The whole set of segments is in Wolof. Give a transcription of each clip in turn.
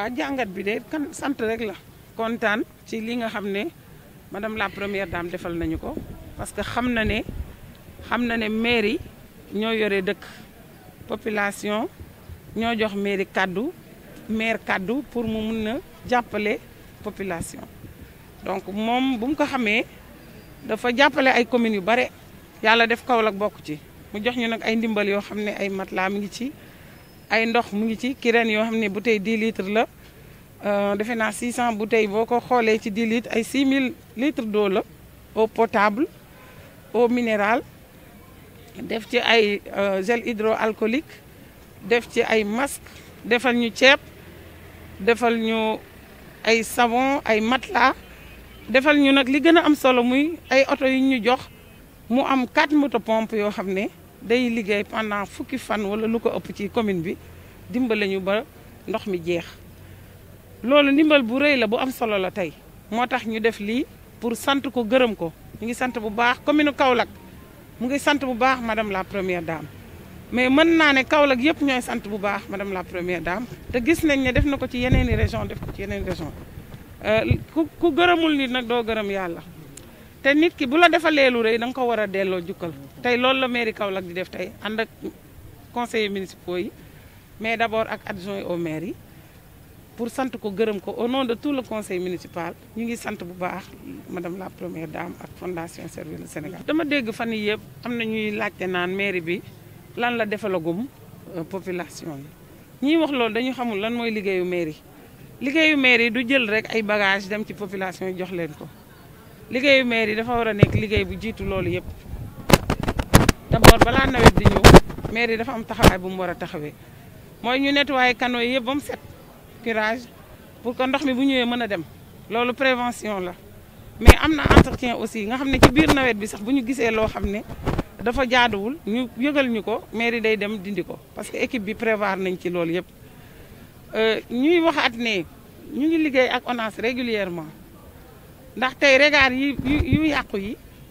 waaw ah, jàngat bi de kan sant rek la kontaan ci li nga xam ne madame la première dame defal nañu ko parce que xam na ne xam na ne mairie ñoo yore dëkk population ñoo jox mairie kàddu maire kàddu pour mu mun a jàppale population donc moom bu mu ko xamee dafa jàppale ay communes yu bare yàlla def Kaolack bokk ci mu jox ñu nag ay ndimbal yoo xam ne ay mat laa mi ngi ci ay ndox mu ngi ci kireen yoo xam ne bouteille 10 litres la euh, defe naa 600 bouteilles boo ko xoolee ci 10 litres ay 6000 litres d'eau la eau potable eau minérale def ci ay euh, gel hydroalcoolique def ci ay masque defal ñu ceeb defal ñu ay savon ay matelas defal ñu nag li gën a am solo muy ay oto yu ñu jox mu am 4 moto pompe yoo xam ne day liggéey pendant fukki fan wala lu ko ëpp ci commune bi dimbale ñu ba ndox mi jeex loolu ndimbal bu rëy la bu am solo la tey moo tax ñu def lii pour sant ko gërëm ko ñu ngi sant bu baax commune Kaolack mu ngi sant bu baax madame la première dame mais mën naa ne Kaolack yëpp ñooy sant bu baax madame la première dame te gis nañ ne def na ko ci yeneeni région def ko ci yeneeni région euh, ku ku gërëmul nit nag doo gërëm yàlla te nit ki bu la defalee lu rëy da nga ko war a delloo jukkal tey loolu la mairie Kaolack di def tey ànd ak conseillers municipaux yi mais d' abord ak adjoint au maire yi pour sant ko gërëm ko au nom de tout le conseil municipal ñu ngi sant bu baax madame la première dame ak fondation Servir le Sénégal. dama dégg fan yii yëpp am na ñuy laajte naan mairie bi lan la defalagum euh, population yi ñiy wax loolu dañu xamul lan mooy liggéeyu mairie liggéeyu mairie du jël rek ay bagages dem ci population yi jox leen ko liggéeyu mairie dafa war a nekk liggéey bu jiitu loolu yëpp. d'abord balaa nawet di ñëw mairie dafa am taxawaay bu mu war a taxawee mooy ñu nettoyer canaux yi yëpp ba mu set curage pour que ndox mi bu ñëwee mën a dem loolu prévention la mais am na entretien aussi nga xam ne ci biir nawet bi sax bu ñu gisee loo xam ne dafa jaaduwul ñu yëgal ñu ko mairie day dem dindi ko parce que équipe bi prévoir nañ ci loolu yëpp euh, ñuy waxaat ne ñu ngi liggéey ak ONAS régulièrement ndax tey regards yi yu yàqu yi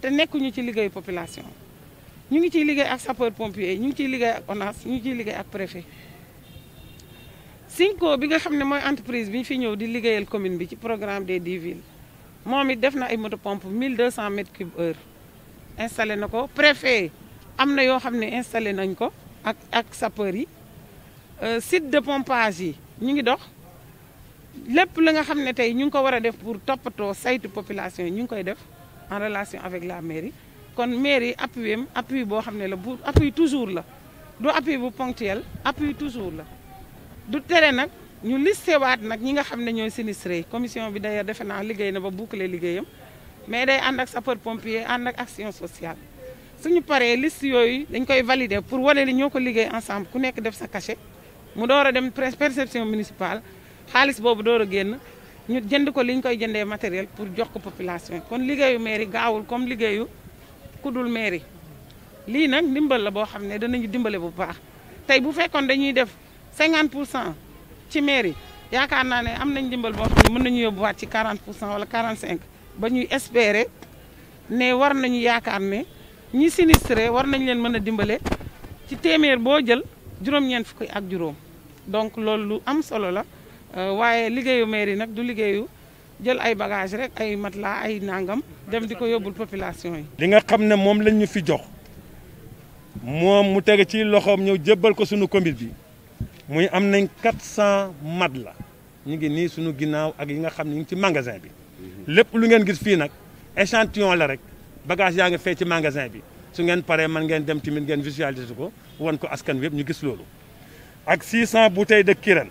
te nekkuñu ci liggéey population ñu ngi ciy liggéey ak sapeur pompier ñu ngi ciy liggéey ak ONAS ñu ngi ciy liggéey ak préfet Sinko bi nga xam ne mooy entreprise bi ñu fi ñëw di liggéeyal commune bi ci programme des dix villes moom it def na ay moto pompe 1200 mètres cube heure installé na ko préfet am na yoo xam ne installé nañ ko ak ak sapeur yi euh, site de pompage yi ñu ngi dox lépp la nga xam ne tey ñu ngi ko war a def pour toppatoo saytu population yi ñu ngi koy def en relation avec la mairie kon mairie appuie, am appui boo le ne la bu appui toujours la du appui bu ponctuel appui toujours la du tere nak, ñu listewaat nag ñi nga xam ne ñooy sinistré commission bi d'ailleurs defe naa liggéey na ba boucler liggéeyam mais day ànd ak sapeur pompier ànd ak action sociale suñu paree liste yooyu dañ koy valider pour wane ni ñoo ensemble ku nekk def sa cachet mu door a dem perception municipale xaalis boobu door a génn ñu jënd ko li liñ koy jëndee matériel pour jox ko population kon liggéeyu mairie gaawul comme liggéeyu ku dul mairie lii nag ndimbal la boo xam ne danañu dimbale bu baax tey bu fekkoon dañuy def 50 pour cent ci mairie yaakaar naa ne am nañ dimbal boo xam ne mën nañu yóbbuwaat ci 40 pour cent wala cinq ba ñuy espérer ne war nañu yaakaar ne ñi sinistré war nañ leen mën a dimbale ci téeméer boo jël juróom-ñeent fukki ak juróom donc loolu lu am solo la. Euh, waaye liggéeyu maire yi nag du liggéeyu jël ay bagage rek ay mat matelas ay nangam dem di ko yóbbul population yi. li nga xam ne moom lañ ñu fi jox moom mu teg ci loxoom ñëw jébbal ko sunu commune bi muy am nañ mat la ñu ngi nii sunu ginnaaw ak yi nga xam ne ñu ngi ci magasin bi lépp lu ngeen gis fii nag échantillon la rek bagage yaa ngi fee ci magasin bi su ngeen paree man ngeen dem tamit ngeen visualiser ko wan ko askan wi yëpp ñu gis loolu ak 600 bouteilles de Kirène.